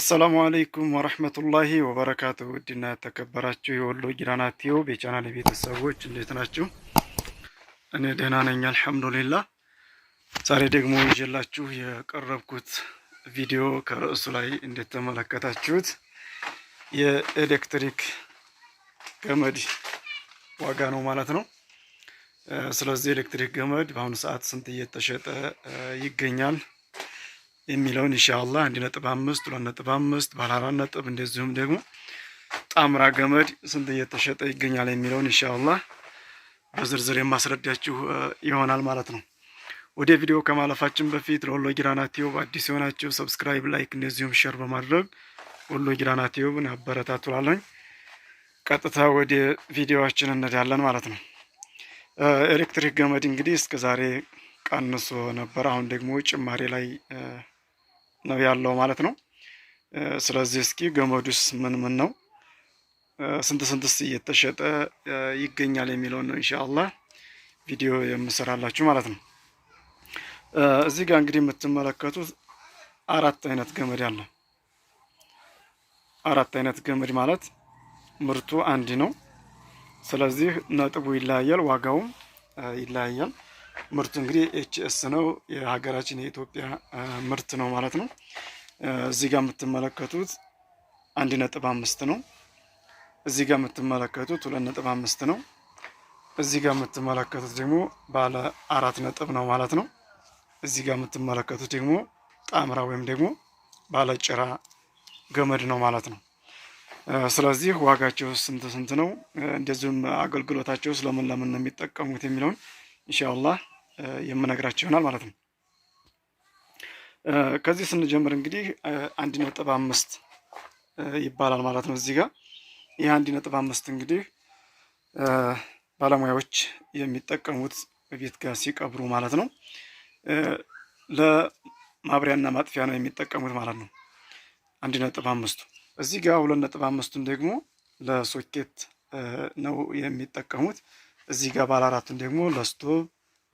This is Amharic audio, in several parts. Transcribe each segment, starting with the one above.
አሰላሙ አለይኩም ወረህመቱላሂ ወበረካቱ። ውድና ተከበራችሁ የወሎ ጊራና ቲዩብ የቻናል ቤተሰቦች እንዴት ናችሁ? እኔ ደህና ነኝ አልሐምዱሊላ። ዛሬ ደግሞ ይዤላችሁ የቀረብኩት ቪዲዮ ከርዕሱ ላይ እንደተመለከታችሁት የኤሌክትሪክ ገመድ ዋጋ ነው ማለት ነው። ስለዚህ ኤሌክትሪክ ገመድ በአሁኑ ሰዓት ስንት እየተሸጠ ይገኛል የሚለውን ኢንሻአላህ አንድ ነጥብ አምስት ሁለት ነጥብ አምስት ባለ አራት ነጥብ እንደዚሁም ደግሞ ጣምራ ገመድ ስንት እየተሸጠ ይገኛል የሚለውን ኢንሻአላህ በዝርዝር የማስረዳችሁ ይሆናል ማለት ነው። ወደ ቪዲዮ ከማለፋችን በፊት ለወሎ ጊራና ቲዩብ አዲስ የሆናችሁ ሰብስክራይብ፣ ላይክ እንደዚሁም ሼር በማድረግ ወሎ ጊራና ቲዩብን አበረታቱላለኝ። ቀጥታ ወደ ቪዲዮችን እንዳለን ማለት ነው። ኤሌክትሪክ ገመድ እንግዲህ እስከ ዛሬ ቀንሶ ነበር። አሁን ደግሞ ጭማሪ ላይ ነው ያለው ማለት ነው። ስለዚህ እስኪ ገመዱስ ምን ምን ነው፣ ስንት ስንትስ እየተሸጠ ይገኛል የሚለውን ነው ኢንሻአላህ ቪዲዮ የምሰራላችሁ ማለት ነው። እዚህ ጋር እንግዲህ የምትመለከቱት አራት አይነት ገመድ አለ። አራት አይነት ገመድ ማለት ምርቱ አንድ ነው። ስለዚህ ነጥቡ ይለያያል፣ ዋጋውም ይለያያል። ምርቱ እንግዲህ ኤችኤስ ነው። የሀገራችን የኢትዮጵያ ምርት ነው ማለት ነው። እዚህ ጋር የምትመለከቱት አንድ ነጥብ አምስት ነው። እዚህ ጋር የምትመለከቱት ሁለት ነጥብ አምስት ነው። እዚህ ጋር የምትመለከቱት ደግሞ ባለ አራት ነጥብ ነው ማለት ነው። እዚህ ጋር የምትመለከቱት ደግሞ ጣምራ ወይም ደግሞ ባለ ጭራ ገመድ ነው ማለት ነው። ስለዚህ ዋጋቸው ስንት ስንት ነው፣ እንደዚሁም አገልግሎታቸው ስለምን ለምን ነው የሚጠቀሙት የሚለውን ኢንሻአላህ የምነግራችሁ ይሆናል ማለት ነው። ከዚህ ስንጀምር እንግዲህ አንድ ነጥብ አምስት ይባላል ማለት ነው። እዚህ ጋር ይህ አንድ ነጥብ አምስት እንግዲህ ባለሙያዎች የሚጠቀሙት ቤት ጋር ሲቀብሩ ማለት ነው። ለማብሪያና ማጥፊያ ነው የሚጠቀሙት ማለት ነው። አንድ ነጥብ አምስቱ እዚህ ጋር ሁለት ነጥብ አምስቱን ደግሞ ለሶኬት ነው የሚጠቀሙት። እዚህ ጋር ባለ አራቱን ደግሞ ለስቶቭ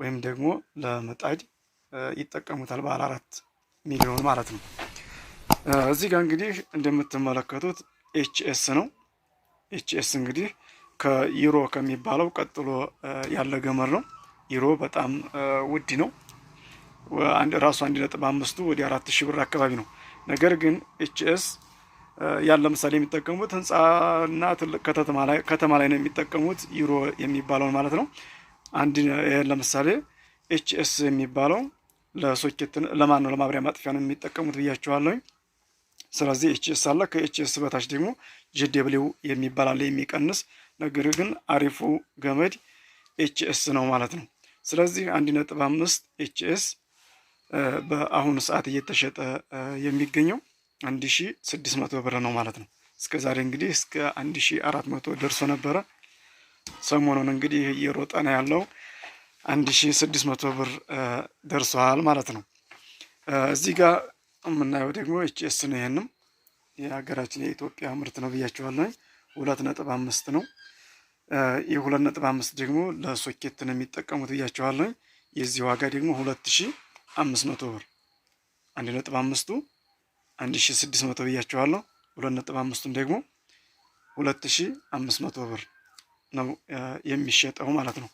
ወይም ደግሞ ለምጣድ ይጠቀሙታል። ባለ አራት ሚሊዮን ማለት ነው። እዚህ ጋር እንግዲህ እንደምትመለከቱት ኤችኤስ ነው። ኤችኤስ እንግዲህ ከዩሮ ከሚባለው ቀጥሎ ያለ ገመድ ነው። ዩሮ በጣም ውድ ነው። ራሱ አንድ ነጥብ አምስቱ ወደ አራት ሺህ ብር አካባቢ ነው። ነገር ግን ኤችኤስ ያን ለምሳሌ የሚጠቀሙት ህንፃና ትልቅ ከተማ ላይ ነው የሚጠቀሙት ዩሮ የሚባለውን ማለት ነው። አንድ ይህን ለምሳሌ ኤችኤስ የሚባለው ለሶኬትን ለማን ነው ለማብሪያ ማጥፊያ ነው የሚጠቀሙት ብያቸዋለኝ። ስለዚህ ኤች ኤስ አለ። ከኤች ኤስ በታች ደግሞ ጄደብሊው የሚባል አለ የሚቀንስ ነገር ግን አሪፉ ገመድ ኤች ኤስ ነው ማለት ነው። ስለዚህ አንድ ነጥብ አምስት ኤችኤስ በአሁኑ ሰዓት እየተሸጠ የሚገኘው አንድ ሺ ስድስት መቶ ብር ነው ማለት ነው። እስከ ዛሬ እንግዲህ እስከ አንድ ሺ አራት መቶ ደርሶ ነበረ። ሰሞኑን እንግዲህ እየሮጠ ነው ያለው አንድ ሺ ስድስት መቶ ብር ደርሷል ማለት ነው። እዚህ ጋር የምናየው ደግሞ ኤችኤስ ነው። ይሄንም የሀገራችን የኢትዮጵያ ምርት ነው ብያቸዋለሁ። ሁለት ነጥብ አምስት ነው። የሁለት ነጥብ አምስት ደግሞ ለሶኬት ነው የሚጠቀሙት ብያቸዋለሁ። የዚህ ዋጋ ደግሞ ሁለት ሺ አምስት መቶ ብር አንድ ነጥብ አምስቱ አንድ ሺ ስድስት መቶ ብያችኋለሁ። ሁለት ነጥብ አምስቱን ደግሞ ሁለት ሺ አምስት መቶ ብር ነው የሚሸጠው ማለት ነው።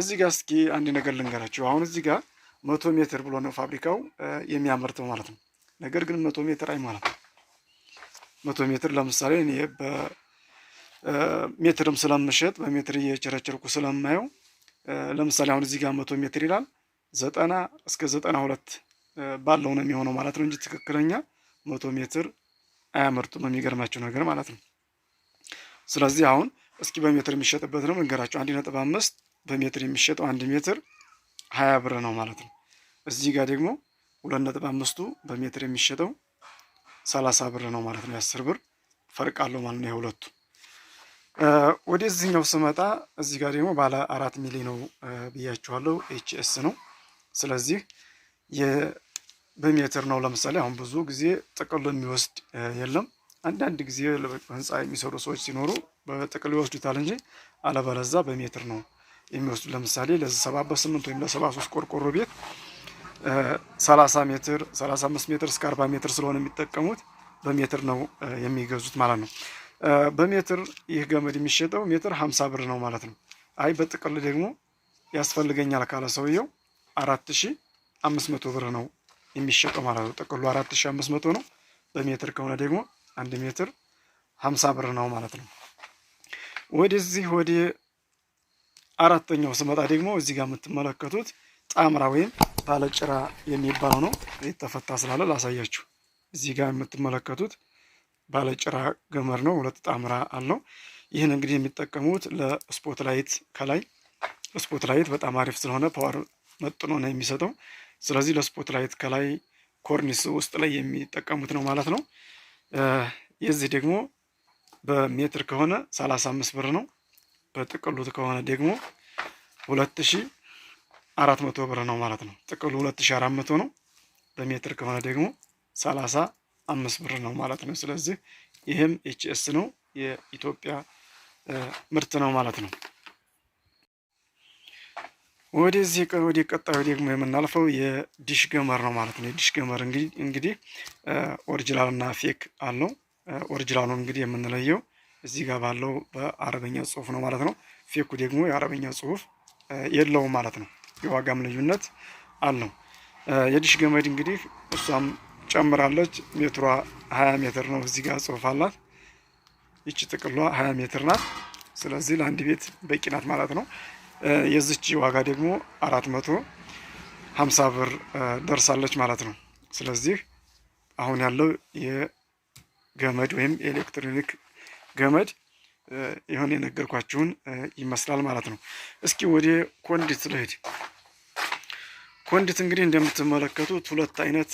እዚህ ጋር እስኪ አንድ ነገር ልንገራችሁ። አሁን እዚህ ጋር መቶ ሜትር ብሎ ነው ፋብሪካው የሚያመርተው ማለት ነው። ነገር ግን መቶ ሜትር አይሞላም። መቶ ሜትር ለምሳሌ እኔ በሜትርም ስለምሸጥ በሜትር እየቸረቸርኩ ስለማየው ለምሳሌ አሁን እዚህ ጋር መቶ ሜትር ይላል ዘጠና እስከ ዘጠና ሁለት ባለው ነው የሚሆነው ማለት ነው እንጂ ትክክለኛ መቶ ሜትር አያመርጡም። የሚገርማቸው ነገር ማለት ነው። ስለዚህ አሁን እስኪ በሜትር የሚሸጥበት ነው መንገራቸው አንድ ነጥብ አምስት በሜትር የሚሸጠው አንድ ሜትር ሀያ ብር ነው ማለት ነው። እዚህ ጋር ደግሞ ሁለት ነጥብ አምስቱ በሜትር የሚሸጠው ሰላሳ ብር ነው ማለት ነው። የአስር ብር ፈርቅ አለው ማለት ነው የሁለቱ። ወደዚህኛው ስመጣ እዚህ ጋር ደግሞ ባለ አራት ሚሊ ነው ብያችኋለሁ። ኤችኤስ ነው። ስለዚህ በሜትር ነው። ለምሳሌ አሁን ብዙ ጊዜ ጥቅል የሚወስድ የለም። አንዳንድ ጊዜ ህንፃ የሚሰሩ ሰዎች ሲኖሩ በጥቅል ይወስዱታል እንጂ አለበለዛ በሜትር ነው የሚወስዱ። ለምሳሌ ለሰባ በስምንት ወይም ለሰባ ሶስት ቆርቆሮ ቤት ሰላሳ ሜትር ሰላሳ አምስት ሜትር እስከ አርባ ሜትር ስለሆነ የሚጠቀሙት በሜትር ነው የሚገዙት ማለት ነው። በሜትር ይህ ገመድ የሚሸጠው ሜትር ሀምሳ ብር ነው ማለት ነው። አይ በጥቅል ደግሞ ያስፈልገኛል ካለ ሰውየው አራት ሺ አምስት መቶ ብር ነው የሚሸጠው ማለት ነው። ጥቅሉ 4500 ነው። በሜትር ከሆነ ደግሞ አንድ ሜትር 50 ብር ነው ማለት ነው። ወደዚህ ወደ አራተኛው ስመጣ ደግሞ እዚህ ጋር የምትመለከቱት ጣምራ ወይም ባለጭራ የሚባለው ነው። ተፈታ ስላለ ላሳያችሁ። እዚህ ጋር የምትመለከቱት ባለጭራ ገመድ ነው። ሁለት ጣምራ አለው። ይህን እንግዲህ የሚጠቀሙት ለስፖትላይት ከላይ ስፖትላይት ላይት በጣም አሪፍ ስለሆነ ፓወር መጥኖ ነው የሚሰጠው። ስለዚህ ለስፖት ላይት ከላይ ኮርኒስ ውስጥ ላይ የሚጠቀሙት ነው ማለት ነው። የዚህ ደግሞ በሜትር ከሆነ 35 ብር ነው። በጥቅሉ ከሆነ ደግሞ 2400 ብር ነው ማለት ነው። ጥቅሉ 2400 ነው። በሜትር ከሆነ ደግሞ 35 ብር ነው ማለት ነው። ስለዚህ ይህም ኤችኤስ ነው፣ የኢትዮጵያ ምርት ነው ማለት ነው። ወደዚህ ወደ ቀጣዩ ደግሞ የምናልፈው የዲሽ ገመር ነው ማለት ነው። የዲሽ ገመር እንግዲህ ኦሪጅናል እና ፌክ አለው። ኦሪጂናሉ እንግዲህ የምንለየው እዚህ ጋር ባለው በአረበኛ ጽሁፍ ነው ማለት ነው። ፌኩ ደግሞ የአረበኛ ጽሁፍ የለውም ማለት ነው። የዋጋም ልዩነት አለው። የዲሽ ገመድ እንግዲህ እሷም ጨምራለች። ሜትሯ 20 ሜትር ነው። እዚህ ጋር ጽሁፍ አላት። ይቺ ጥቅሏ 20 ሜትር ናት። ስለዚህ ለአንድ ቤት በቂ ናት ማለት ነው። የዚች ዋጋ ደግሞ አራት መቶ ሀምሳ ብር ደርሳለች ማለት ነው። ስለዚህ አሁን ያለው የገመድ ወይም የኤሌክትሮኒክ ገመድ የሆነ የነገርኳችሁን ይመስላል ማለት ነው። እስኪ ወደ ኮንዲት ልሄድ። ኮንዲት እንግዲህ እንደምትመለከቱት ሁለት አይነት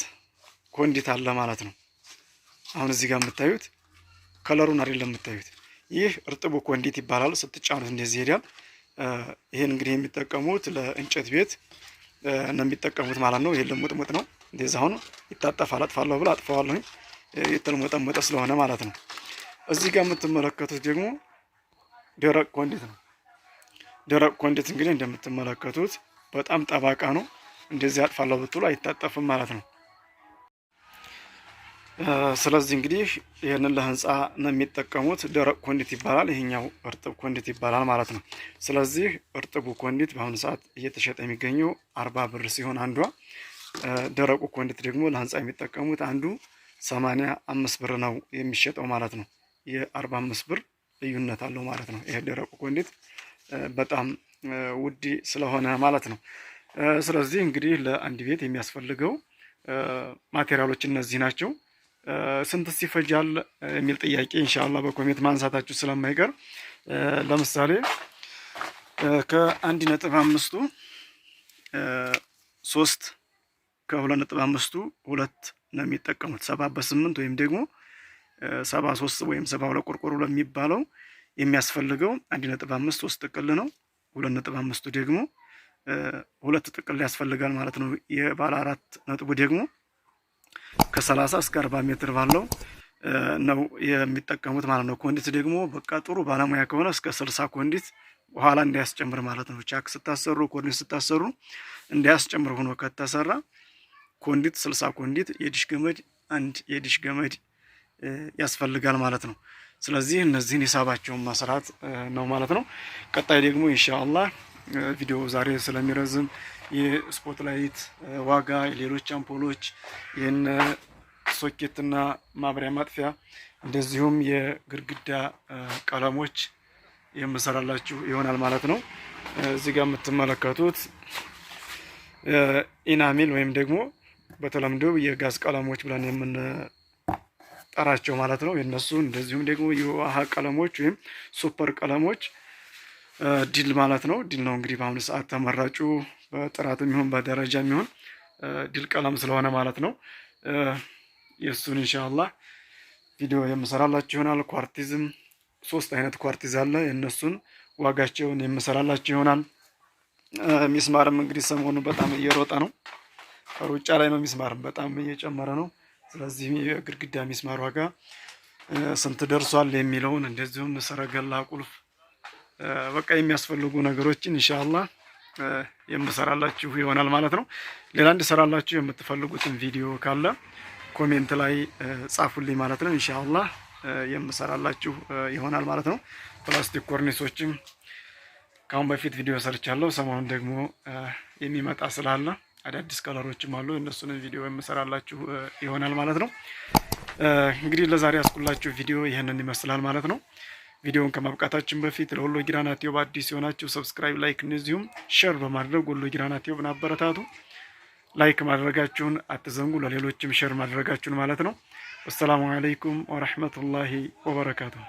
ኮንዲት አለ ማለት ነው። አሁን እዚህ ጋር የምታዩት ከለሩን አይደለም የምታዩት። ይህ እርጥቡ ኮንዲት ይባላል። ስትጫኑት እንደዚህ ይሄዳል። ይህን እንግዲህ የሚጠቀሙት ለእንጨት ቤት ነው የሚጠቀሙት ማለት ነው። ይህን ልሙጥሙጥ ነው እንደዚህ አሁን ይታጠፋል። አጥፋለሁ ብለ አጥፈዋለሁ። የተልሞጠሞጠ ስለሆነ ማለት ነው። እዚህ ጋር የምትመለከቱት ደግሞ ደረቅ ኮንዲት ነው። ደረቅ ኮንዴት እንግዲህ እንደምትመለከቱት በጣም ጠባቃ ነው። እንደዚህ አጥፋለሁ ብትሉ አይታጠፍም ማለት ነው። ስለዚህ እንግዲህ ይህንን ለህንፃ ነው የሚጠቀሙት። ደረቅ ኮንዲት ይባላል፣ ይሄኛው እርጥብ ኮንዲት ይባላል ማለት ነው። ስለዚህ እርጥቡ ኮንዲት በአሁኑ ሰዓት እየተሸጠ የሚገኘው አርባ ብር ሲሆን አንዷ፣ ደረቁ ኮንዲት ደግሞ ለህንፃ የሚጠቀሙት አንዱ ሰማንያ አምስት ብር ነው የሚሸጠው ማለት ነው። የአርባ አምስት ብር ልዩነት አለው ማለት ነው። ይሄ ደረቁ ኮንዲት በጣም ውድ ስለሆነ ማለት ነው። ስለዚህ እንግዲህ ለአንድ ቤት የሚያስፈልገው ማቴሪያሎች እነዚህ ናቸው። ስንትስ ይፈጃል የሚል ጥያቄ እንሻላ በኮሜንት ማንሳታችሁ ስለማይቀር ለምሳሌ ከአንድ ነጥብ አምስቱ ሶስት ከሁለት ነጥብ አምስቱ ሁለት ነው የሚጠቀሙት ሰባ በስምንት ወይም ደግሞ ሰባ ሶስት ወይም ሰባ ሁለት ቆርቆሮ ለሚባለው የሚያስፈልገው አንድ ነጥብ አምስት ሶስት ጥቅል ነው። ሁለት ነጥብ አምስቱ ደግሞ ሁለት ጥቅል ያስፈልጋል ማለት ነው። የባለ አራት ነጥቡ ደግሞ ከ30 እስከ 40 ሜትር ባለው ነው የሚጠቀሙት ማለት ነው። ኮንዲት ደግሞ በቃ ጥሩ ባለሙያ ከሆነ እስከ 60 ኮንዲት በኋላ እንዲያስጨምር ማለት ነው። ቻክ ስታሰሩ ኮንዲት ስታሰሩ እንዲያስጨምር ሆኖ ከተሰራ ኮንዲት 60 ኮንዲት የዲሽ ገመድ አንድ የዲሽ ገመድ ያስፈልጋል ማለት ነው። ስለዚህ እነዚህን ሂሳባቸውን መስራት ነው ማለት ነው። ቀጣይ ደግሞ ኢንሻአላህ ቪዲዮ ዛሬ ስለሚረዝም የስፖትላይት ዋጋ፣ የሌሎች አምፖሎች፣ ይህን ሶኬትና ማብሪያ ማጥፊያ እንደዚሁም የግድግዳ ቀለሞች የምሰራላችሁ ይሆናል ማለት ነው። እዚህ ጋር የምትመለከቱት ኢናሚል ወይም ደግሞ በተለምዶ የጋዝ ቀለሞች ብለን የምንጠራቸው ማለት ነው። የነሱ እንደዚሁም ደግሞ የውሃ ቀለሞች ወይም ሱፐር ቀለሞች ዲል ማለት ነው። ዲል ነው እንግዲህ በአሁኑ ሰዓት ተመራጩ በጥራት የሚሆን በደረጃ የሚሆን ዲል ቀለም ስለሆነ ማለት ነው። የእሱን እንሻላ ቪዲዮ የምሰራላችሁ ይሆናል። ኳርቲዝም ሶስት አይነት ኳርቲዝ አለ። የእነሱን ዋጋቸውን የምሰራላችሁ ይሆናል። ሚስማርም እንግዲህ ሰሞኑ በጣም እየሮጠ ነው። ከሩጫ ላይ ነው። ሚስማርም በጣም እየጨመረ ነው። ስለዚህ የግድግዳ ሚስማር ዋጋ ስንት ደርሷል የሚለውን እንደዚሁም ሰረገላ ቁልፍ በቃ የሚያስፈልጉ ነገሮችን እንሻላ የምሰራላችሁ ይሆናል ማለት ነው። ሌላ እንድሰራላችሁ የምትፈልጉትን ቪዲዮ ካለ ኮሜንት ላይ ጻፉልኝ ማለት ነው። እንሻላ የምሰራላችሁ ይሆናል ማለት ነው። ፕላስቲክ ኮርኒሶችም ከአሁን በፊት ቪዲዮ ሰርቻለሁ። ሰሞኑን ደግሞ የሚመጣ ስላለ አዳዲስ ከለሮችም አሉ። እነሱንም ቪዲዮ የምሰራላችሁ ይሆናል ማለት ነው። እንግዲህ ለዛሬ ያስኩላችሁ ቪዲዮ ይህንን ይመስላል ማለት ነው። ቪዲዮውን ከማብቃታችን በፊት ለወሎ ጊራና ቲዩብ አዲስ የሆናችሁ ሰብስክራይብ፣ ላይክ እንደዚሁም ሸር በማድረግ ወሎ ጊራና ቲዩብን አበረታቱ። ላይክ ማድረጋችሁን አትዘንጉ፣ ለሌሎችም ሸር ማድረጋችሁን ማለት ነው። ወሰላሙ አለይኩም ወረህመቱላሂ ወበረካቱሁ።